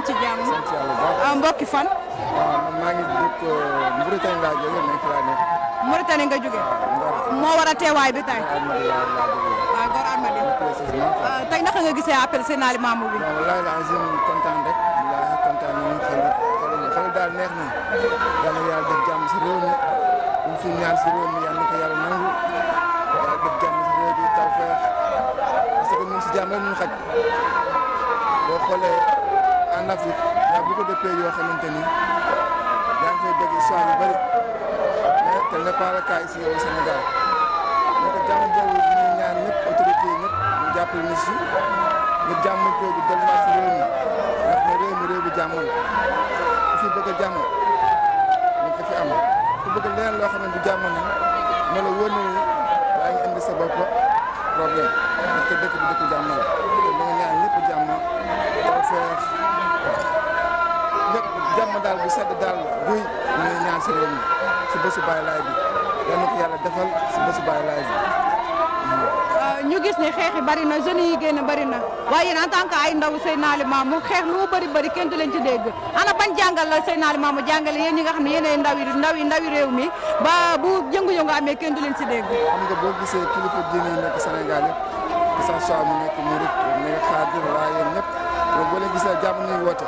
ngi ci jàmm. sant ah, mbokki fan. maa ngi dëkk euh, Mauritanie laa jógee nekk laa nekk. Mauritanie nga jógee. moo war a teewaay bi tey. Ah, waaw Ngor Almadi. Ah, tey naka nga gisee appel Seydina Limamou bi. waaw walaay la Azim kontaan rek. walaay kontaan nañu xel xel daal neex na. yàlla yàlla def jàmm si réew mi. ñu fi ñaan si réew mi yàlla na ko yàlla nangu. yàlla def jàmm si réew mi taw feex parce que ñun si jàmm rek ñu xaj en Afrique y a beaucoup de ni yaa ngi fay dégg histoire yu bëri mais tel n'est pas le jàmm yi ñëpp ñu jàppale ñu si ñu jàmm boobu delluwaat si réew mi ndax ne réew mi réew bi jàmm la ku fi bëgg a jàmm ñu ko fi am ku bëgg leneen loo xam ne jàmm na ne la wóor na ni yaa ngi indi sa bopp problème ndaxte dëkk bi dëkk jàmm la tawfeex lépp jàmm daal bu sedd daal guy ñuy ñaan si réew mi si bésu Baay Laay bi yal na yàlla defal si bésu Baay Laay bi. Euh, ñu gis ne xeex yi bari na jeunes yi génn bari na waaye yéen en tant que ay ndaw Seydina Limamou mu xeex lu bari bari kenn du leen ci dégg ana ban jàngal la Seydina Limamou mu jàngale yéen ñi nga xam ne yéenay ndaw yi ndaw yi ndaw réew mi ba jëng yëngu-yëngu amee kenn du leen ci dégg. xam nga boo gisee kilifa diine yi nekk Sénégal yëpp que ça soit mu nekk Mouride mu te boo leen gisee jàmm ñuy woote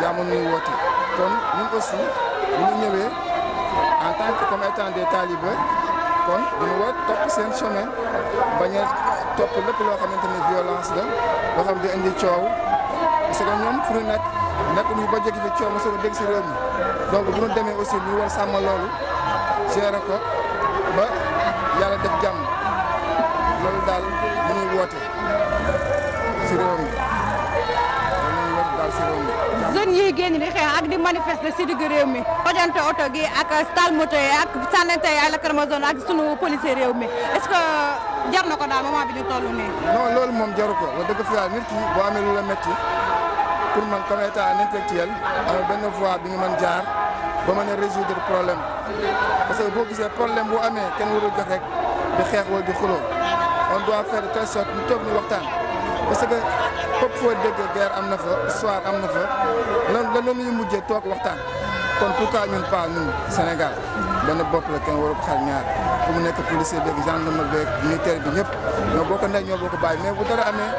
jàmm ñuy woote kon ñun aussi bu ñëwee en tant que comme étant des talibé kon dañu war topp seen chemin bañ a topp lépp loo xamante ne violence la loo xam di indi coow parce que ñoom fu ñu nekk nekk ñu ba jóge fi coow ma soog a dégg si réew mi donc bu ñu demee aussi ñu war sàmm loolu gérer ko ba yàlla def jàmm loolu daal mu ñuy woote si réew yi daal si réew mi. jeunes yi génn di xeex ak di manifester si digg réew mi xojante oto gi ak taal moto yi ak sànnante ay lacrymogène ak sunu policier réew mi est jar na ko daal moment bi ñu toll nii. non loolu moom jaru ko wax dëgg fi yàlla ki boo amee lu la métti pour man comme état un intellectuel amul benn voie bi ñu mën jaar ba mën a problème parce que boo gisee problème bu amee kenn warul jox rek di xeex wala di xuloo on doit faire de telle sorte toog ñu waxtaan. parce que fépp foo déggee guerre am na fa histoire am na fa lan lan la ñuy mujjee toog waxtaan kon pourquoi ñun pas ñun Sénégal benn bopp la kenn warul xel ñaar fu mu nekk policier beeg gendarme beeg militaire bi ñëpp ñoo boo ko ndey ñoo boo ko bàyyi mais bu dara amee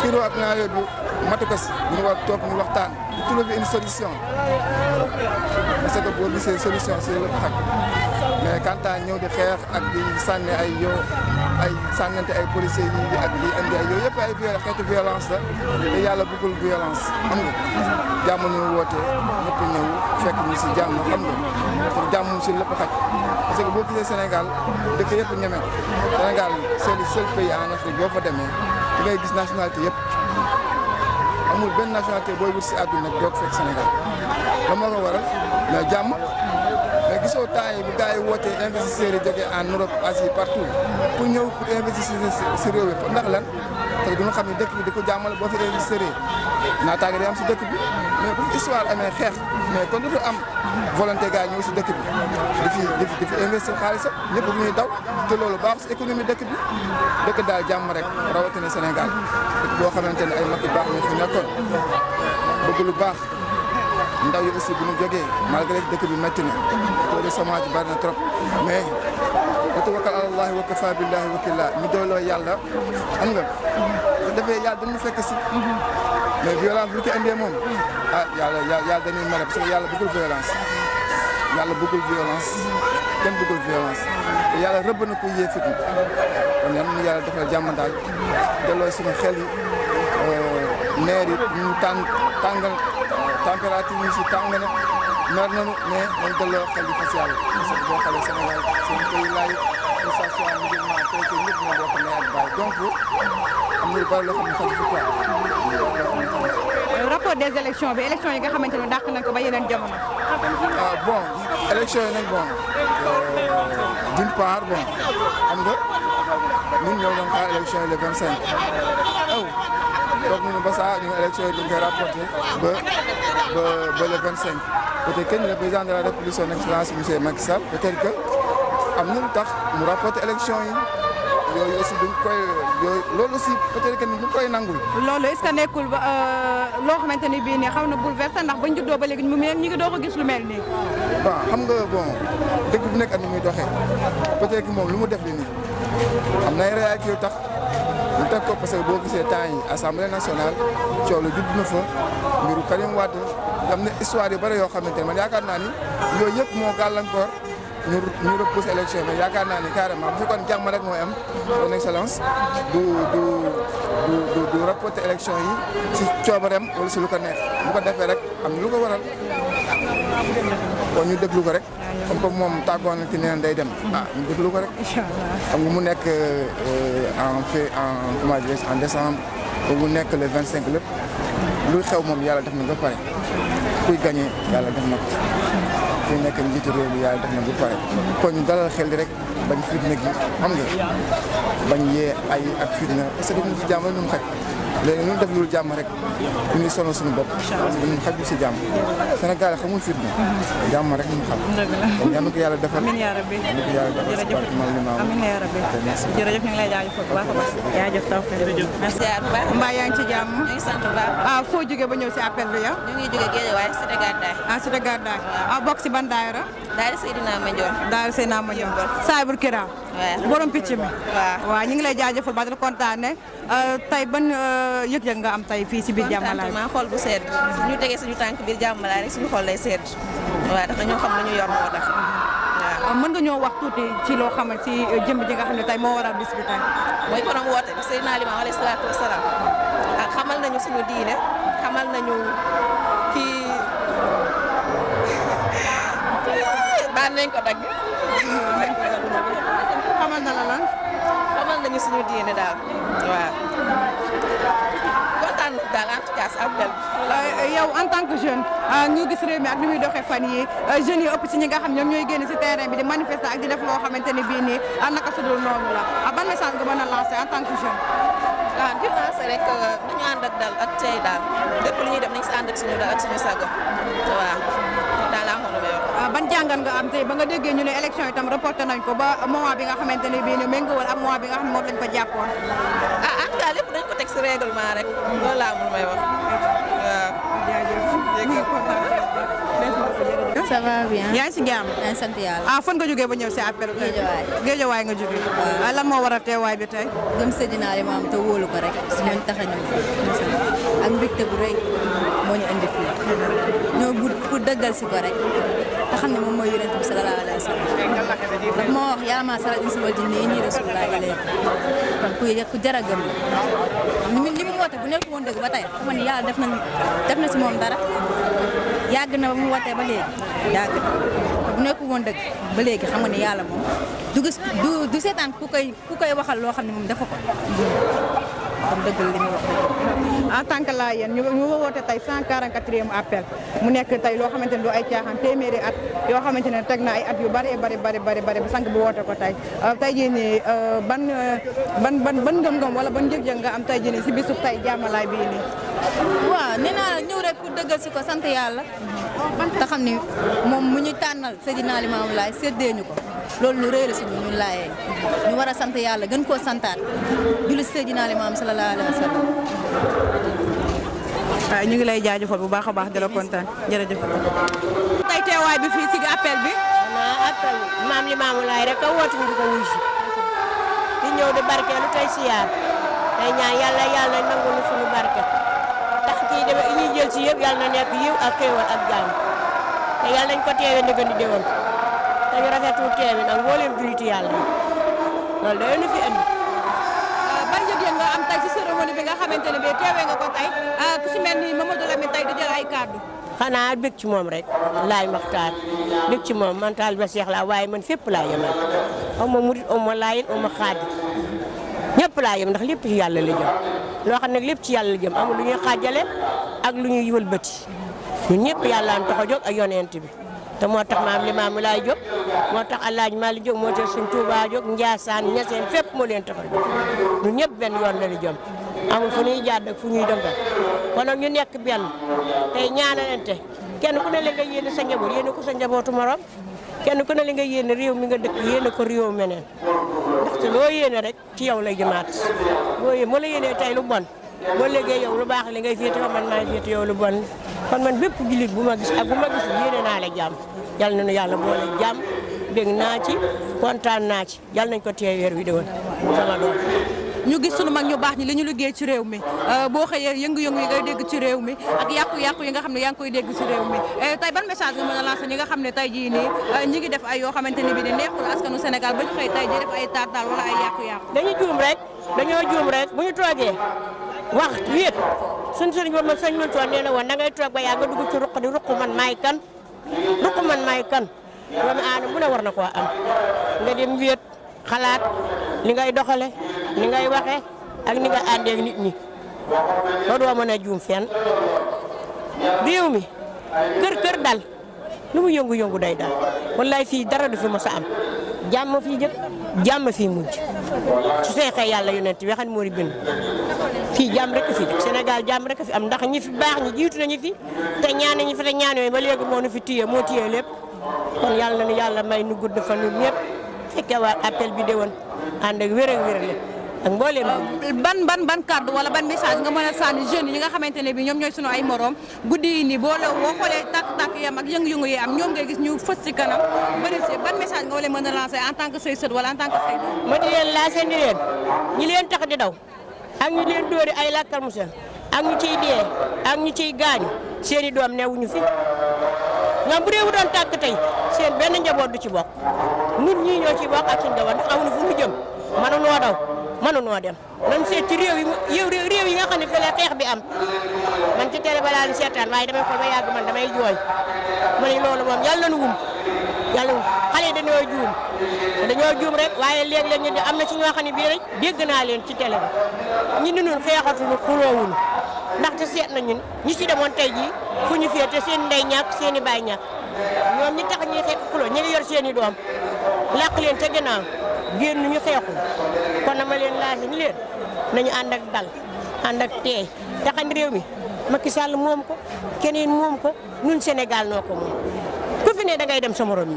xiiroo ak ñaar yooyu matu ko si ñu war toog ñu waxtaan di trouver une solution parce que boo si la mais quant à ñëw di xeex ak di sànni ay yow. ay sàngante ay policiers yi ak yi andi ay yooyu yëpp ay xeetu violence la te yàlla bëggul violence xam nga jàmm ñu wootee ñëpp ñëw fekk ñu si jàmm xam nga pour jàmm si lépp xaj parce que boo gisee Sénégal dëkk yëpp ñeme Sénégal c'est le seul pays en Afrique boo fa demee da ngay gis nationalité yëpp amul benn nationalité booy wut si àdduna doog fekk Sénégal dama la ko waral mais jàmm gisoo temps yi bu gars yi wootee investisseurs yi jógee en Europe Asie partout pour ñëw pour investir si réew yi ndax lan tey du ñu xam ne dëkk bi di ko jàmmale boo fi investir naataange day am si dëkk bi mais bu histoire amee xeex mais kon du am volonté gars yi ñëw si dëkk bi di fi di fi investir xaalis ak ñëpp bu ñuy daw te loolu baaxul si économie dëkk bi dëkk daal jàmm rek rawatina Sénégal dëkk boo xamante ne ay mag yu baax ñu fi nekkoon bëgg lu baax. ndaw yi aussi bu ñu joge malgré dëkk bi métti na taux de chômage bari na trop mais wa tawakkal ala llahi wa kafa billahi wakila ñu dooloo yàlla am nga su defee yàlla dañu fekk si mais violence bu ko indee moom ah yàlla yàlla dañuy mere parce que yàlla bëggul violence yàlla bëggul violence kenn bëggul violence te yàlla rëbb na ko yee fitna kon yan ñu yàlla defal jàmm daal delloo suñu xel yi euh, neer yi température yi si tàng na mer nañu mais nañ delloo xel bi fas yàlla parce que boo xoolee Sénégal seen pays laay que ça soit musulman chrétien ñëpp ñoo bokk ndey ak baay donc am na lu bari loo xam ne xaju fi quoi euh, des élections bi élections yi nga xamante ne dàq ko ba yeneen jamono ah bon élections yi nag bon euh, d'une part bon xam nga ñun ñoo doon oh, ba saa ñu élection yi dañ koy rapporté ba ba ba le 25 peut-être que le de la république son excellence monsieur Macky Sall peut-être que am na lu tax mu rapporter élection yi yooyu aussi duñ koy yooyu loolu aussi peut-être que ni ñu koy nangul. loolu est-ce que nekkul ba euh, loo xamante ni bii nii xaw na bouleversé ndax bañ juddoo ba léegi mu mel ñu ngi doog gis lu mel nii. waaw xam nga bon dëkk bu nekk ak ni muy doxee peut-être moom lu mu def li nii am na ay réalité tax. ñu teg ko parce que boo gisee temps yi assemblée nationale coow la judd na fa mbiru Karim Wade am na histoire yu bari yoo xamante ne man yaakaar naa ni yooyu yëpp moo gàllankoor ñu ñu repousser élection yaakaar naa ni carrément bu fekkoon jàmm rek mooy am son excellence du du du du du reporter yi si coobareem wala si lu ko neex bu ko defee rek am na lu ko waral kon ñu déglu ko rek. comme que moom tàggoo na ci neen day dem. Mhm. ah ñu déglu ko rek. xam nga mu nekk euh, en fait en comment dirais en décembre ba mu nekk vingt cinq lépp mhm. luy xew moom yàlla def na ba pare kuy gagné yàlla def na ko kuy nekk njiitu yàlla def na ba pare. kon dalal xel rek bañ fitna gi xam nga bañ yee ay ak fitna parce que duñ ci jàmm ñu xaj. léegi ñun def lu jàmm rek ñu ngi sonal suñu bopp parce que ñun xajul si jàmm Sénégal xamul fitna jàmm rek ñu xam kon yal na ko yàlla defal amiin yaa rabbi jërëjëf ñu ngi lay jaajëfal bu baax a baax jaajëf taw merci mbaa yaa ngi ci jàmm ñu ngi sant ah, foo jógee ba ñëw si appel bi yow ñu ngi jógee Guédiawaye Cité Gadaye ah Cité Gadaye ah, bokk si ban daayira daayira Seydina Mandione daayira Seydina Mandione Saybur Kira picc mi waaw waaw lay jaajëfal ba dal kontaan ne euh, ban euh, yëg-yëg nga am tey fii ci biir jàmmalaay contentement xol ñu tegee suñu tànk biir jàmmalaay rek suñu xol lay sedd waaw tax ñoo xam la ñu yor moo waa mën nga ñoo wax tuuti ci loo xamal si euh, jëmb ji nga xam ne tey moo waral bis bi tey mooy borom woote bi Seydina Limaamu alayhi salaatu wasalaam ak xamal nañu suñu diine xamal nañu kii baan nañ ko dagg xamal na la lan xamal nañu suñu diine daal waaw kontaan daal en tout cas ak del euh, euh, yow en tant que jeune euh, ñu gis réew mi ak ni muy doxee fan yi jeunes yi ëpp ci ñi nga xam ñoom ñooy génn si terrain bi di manifester ak di def loo xamante ne bii nii ah, naka su dul noonu la ah, ban message nga mën a lancer en tant que jeune. waaw ah, di lancer rek ñu ànd ak dal ak tey daal lépp lu ñuy dem nañ si ànd ak suñu daal ak sago waaw. Euh, ban jàngan nga am tey ba nga déggee ñu ne élection itam reporté nañ ko ba moo bi nga xamante ne bii ni méngoowal ak moment bi nga xam ne moom lañ ko jàppoon. Ah, ko teg si règlement rek loolu laa mun may wax waaw. ça va bien. yaa si jàmm. yaa ngi sant yàlla. ah fan nga jógee ba ñëw si appel. géejawaay géejawaay nga jógee. waaw ah, lan moo waral teewaay bi tey. gëm Seydina Limaamu te ko rek. si ñoom tax bu moo ñu indi fii ñoo bu pour dëggal si ko rek te xam ne moom mooy yonent bi sallallahu alayhi wa sallam ndax moo wax yaa maa sala insi wal jinni nii rasulullah ilayhi kon ku ku jar a gëm la ni li mu woote bu nekk woon dëgg ba tey xam ne yàlla def na def na si moom dara yàgg na ba mu wootee ba léegi yàgg na bu nekk woon dëgg ba léegi xam nga ne yàlla moom du gis du du seetaan ku koy ku koy waxal loo xam ne moom dafa ko kon dëggal li muy wax dëgg en tant que Layène ñu ñu woote tey 144e appel mu nekk tey loo xamante ne du ay caaxaan téeméeri at yoo xamante ne teg na ay at yu bari bari bari bari bari ba sànq bu woote ko tey euh, tey euh, ban euh, ban ban ban ngëm-ngëm wala ban njëg nga am tey jii si bisub tey jàmmalaay bii nii. waaw nee naa ñëw sant yàlla te xam ni moom mu ñu tànnal Seydina Limaamu Laay séddee ñu ko loolu lu rëy la si ñu laayee ñu war a sant yàlla gën koo santaan julli Seydina Limaam sallallahu alayhi wa sallam waaye ñu ngi lay jaajëfal bu baax a baax di la kontaan jërëjëf. tey teewaay bi fii si appel bi. waaw maam li maamu laay rek di ko si. di ñëw di barkeelu tey siyaar tey ñaan yàlla yàlla nangu lu suñu barke. tax kii demee ñuy jël si yëpp yàlla na nekk yiw ak xéewal ak jàmm te yàlla nañ ko teewee ndëgën di déwén. te ñu rafetlu teewee nag mbooleem julliti yàlla loolu da leen fi andi. bi nga xamante ne bii teewee nga ko tey ah, ku si mel ni Mamadou Lamine tey di jël ay kàddu. xanaa bëgg ci moom rek laay maxtaar bëgg ci moom man taal ba seex laa waaye man fépp laa yemal aw ma murit aw ma laayin aw ma xaadi ñëpp laa yem ndax lépp ci yàlla la jëm xam ne lépp ci yàlla la jëm amul lu ñuy xaajale ak lu ñuy wëlbati ñun ñëpp yàlla am tax a jóg ak yonent bi te moo tax maam Limaamu Laay jóg moo tax Alaaji Maalik jóg moo tax Sëñ Njaasaan Ñaseen fépp moo leen tax a jóg ñun ñëpp benn yoon la la amul fu ñuy jàdd ak fu ñuy dëngal kon nag ñu nekk benn tey ñaanalante kenn ku ne la nga yéene sa njaboot yéene ko sa njabootu morom kenn ku ne la nga yéene réew mi nga dëkk yéene ko réew meneen ndaxte loo yéene rek ci yow lay jëmaat loo yéene yéenee tey lu bon boo léegi yow lu baax li ngay féete oh man maa féete lu bon kon man bépp jullit bu ma gis ak bu ma gis yéene naa la jàmm yal nañu yàlla boole jàmm bég naa ci kontaan naa ci yal nañ ko téye weer wi déwén sama doom ñu gis sunu mag ñu baax ñi li ñu liggéey ci réew mi euh, boo xëyee yëngu-yëngu yi ngay dégg ci réew mi ak yàqu-yàqu yi nga xam ne yaa ngi koy dégg ci réew mi euh, tey ban message nga mën a lancer ñi nga xam ne tey jii nii euh, ñi ngi def ay yoo xamante ni bi di neexul askanu Sénégal ba ñu xëy tey ji def ay tartal wala ay yàqu-yàqu dañu juum rek dañoo juum rek bu ñu toogee wax wéet suñ sëriñ ba ma sëñ mën toon nee na woon da ngay toog ba yaa nga dugg ci ruq di ruq man maay kan ruq man maay kan doomu aadama bu ne war na koo am nga dem wéet xalaat li ngay doxale ni ngay ak ni nga ak nit ñi ba doo mën a juum fenn réew mi kër kër dal lu mu yëngu-yëngu day dal wallaay fii dara du fi mos a am jàmm fii jëkk jàmm fii mujj su seexee yàlla yonent bi xam ne moo di bind fii jàmm rek fi Sénégal jàmm rek fi am ndax ñi fi baax ñi jiitu nañu fi te ñaan nañu fi te ñaan yooyu ba léegi moo fi téye moo téye lépp kon yàlla na yàlla may nu gudd fa nu ñëpp fekke waat appel bi déwoon ànd ak wér ak mbooleem ban ban ban kàddu wala ban message nga mën a sànni jeunes yi nga xamante ne bi ñoom ñooy sunu ay morom guddi yi nii boo la boo xoolee tàkk-tàkk yam ak yëng yëngu yi am ñoom ngay gis ñu fës ci kanam bëri si ban message nga mën a lancer en tant que say sët wala en tant que say doom ma di ñi leen tax di daw ak ñu leen dóori ay lakkal mu ak ñu ci dee ak ñu ci gaañu seen i doom newuñu fi ñoom bu dee wu doon tàkk tey seen benn njaboot du ci bokk nit ñi ñoo ci bokk mënunoo dem nan seet ci réew yi yow réew yi nga xam ne fi bi am man ci télé balaa lu seetaan waaye damay xool ba yàgg man damay jooy ma ne loolu moom yàlla na wum yàlla wum xale yi dañoo juum dañoo juum rek waaye léeg-léeg ñu am na ci ñoo xam ne bii rek dégg naa leen ci télé bi ñu ni ñun xeexatuñu xuloowuñu ndaxte seet na ñun ñi ci demoon tey jii fu ñu féete seen ndey ñàkk seen i baay ñàkk ñoom ñi tax ñuy xeex xuloo ñu ngi yor seen i doom làq leen ca ginnaaw génn ñu xeexul kon dama leen laaj ni leen nañu ànd ak dal ànd ak teey taxañ réew mi Macky Sall moom ko keneen moom ko ñun Sénégal noo ko moom ku fi ne da ngay dem sa morom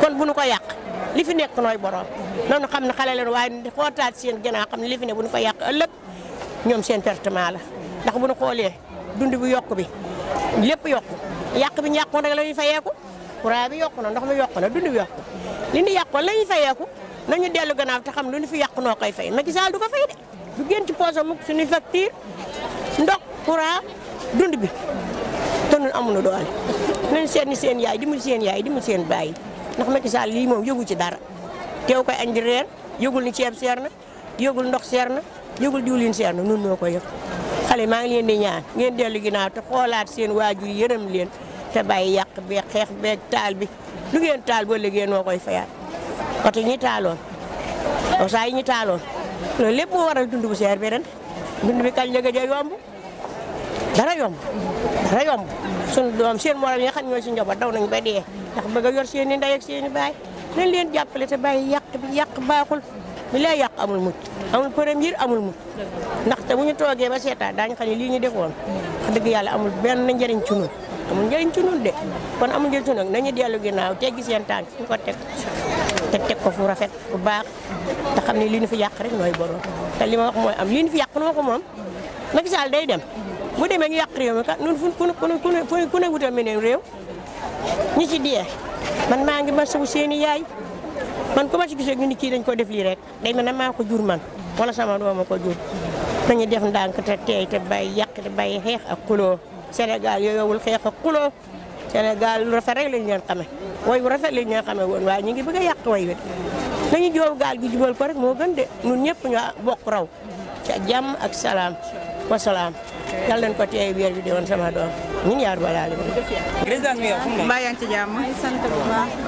kon bu nu ko yàq li fi nekk nooy borom noonu xam ne xale leen waaye xootaat seen gànnaaw xam ne li fi ne bu nu ko yàq ëllëg ñoom seen pertement la ndax bu nu xoolee dund bu yokk bi lépp yokk yàq bi ñu yàqoon rek la ñuy fayeeku courant bi yokk na ndox mi yokk na dund bi yokk li ñu yàqoon la ñuy nañu dellu gannaaw te xam lu ñu fi yàq noo koy fay Macky Sall du ko fay de du génn ci poche am suñuy facture ndox courant dund bi te ñun amuñu doole nañ seen ni seen yaay dimbali seen yaay dimbali seen baay ndax Macky Sall lii moom yëgu ci dara teew koy añ di reer yëgul ni ceeb seer na yogul ndox seer na yëgul diwlin seer na nun noo koy yëg xale maa ngi leen di ñaan ngeen dellu ginnaaw te xoolaat seen waajur yërëm leen te bàyyi yàq beeg xeex beeg taal bi lu ngeen taal ba léegi noo koy fayaat oto yi ñu taaloon osa yi ñu taaloon loolu lépp moo waral dund bu seer bi ren dund bi kañ la gëj a yomb dara yomb dara yomb sunu doom seen morom yi nga ñooy si njaboot daw nañ ba dee ndax bëgg a yor seen i ndey baay nañ leen jàppale te bàyyi yàq bi yàq baaxul bi lay yàq amul mucc amul premier amul mucc ndaxte bu ñu toogee ba seetaan daañu xam ne lii ñu defoon wax dëgg yàlla amul benn njëriñ njariñ ñun amul njëriñ ci ñun de kon amul njëriñ ci ñun nañu ginnaaw teggi seen te teg ko fu rafet bu baax te xam ne li ñu fi yàq rek nooy borom te li ma mooy am li ñu fi yàq noo ko moom Macky Sall day dem bu demee ñu yàq réew mi kat ñun fu ku ku ku ne wutal meneen réew ñi ci diyee man maa ngi masawu seen i man ku ma ci gisee ñu ni kii dañ ko def lii rek day mel ne maa ko jur man wala sama doom ma ko jur nañu def ndànk te teey te bàyyi yàq te bàyyi xeex ak xuloo Sénégal yooyowul xeex ak xuloo Sénégal lu rafet rek lañ leen xame way bu rafet lañ leen xame woon waaye ñu ngi bëgg a yàq way nañu joob gaal gi jubal ko rek moo gën de ñun ñëpp ñu bokk raw ci jàmm ak salaam wa salaam yàlla leen ko teey weer bi di woon sama doom ñun yaar balaa li yaa ngi ci jàmm sant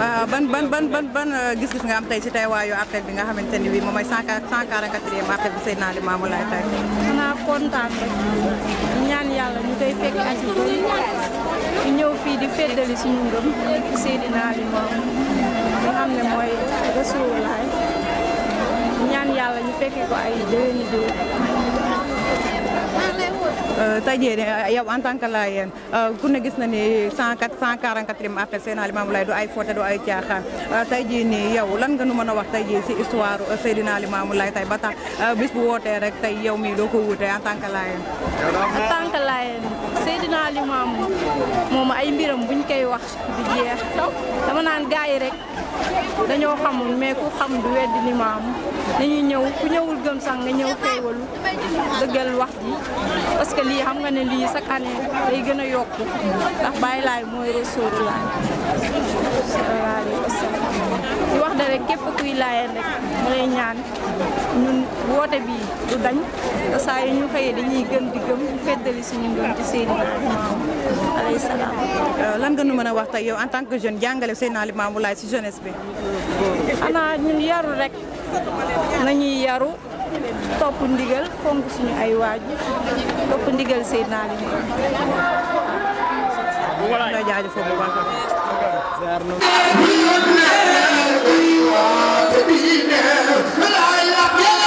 ah, ban ban ban ban ban uh, gis-gis nga am tey si tey waayu appel bi nga xamante ni bi moom mooy cent quarante-quatrième appel bi Seydina Limamou Laye tey xanaa kontaan rek ñaan yàlla ñu koy fekk ak di feddali suñu ngëm Seydina Ali moom nga xam ne mooy Rasulullah ñaan yàlla ñu fekkee ko ay déwéni déwén Euh, Tadjéene euh, yow en tant que Layeen euh, ku ne gis na ni cent quatre cent quarante quatrième appel Seydina Limamou Laye ay foote du ay caaxaan tey jii nii yow lan nga nu mën a wax tey jii si histoire Seydina Limamou Laye tey ba tax bis bu wootee rek tey yow mi doo ko wuute en tant que Layeen. en tant que Layeen Seydina Limamou moom ay mbiram buñ koy wax di jeex naan gars rek dañoo xamul mais ku xam du weddi Limamou. nañu ñëw ku ñëwul gëm sax nga ñëw xéewalu dëggal wax ji parce que lii xam nga ne lii sa année lay gën a yokk ndax bàyyi laay mooy resooru laay di wax da rek képp kuy laayeen rek mu lay ñaan ñun woote bi du dañ te saa yu ñu xëyee dañuy gën di gëm feddali suñu ngëm ci Seydina Limaamu alayhi salaam euh, lan nga nu mën a wax tey yow en tant que jeune jàngale Seydina Limaamu Laay si jeunesse bi xanaa ñun yarul rek nañuy yaru topp ndigal fonk suñu ay waajur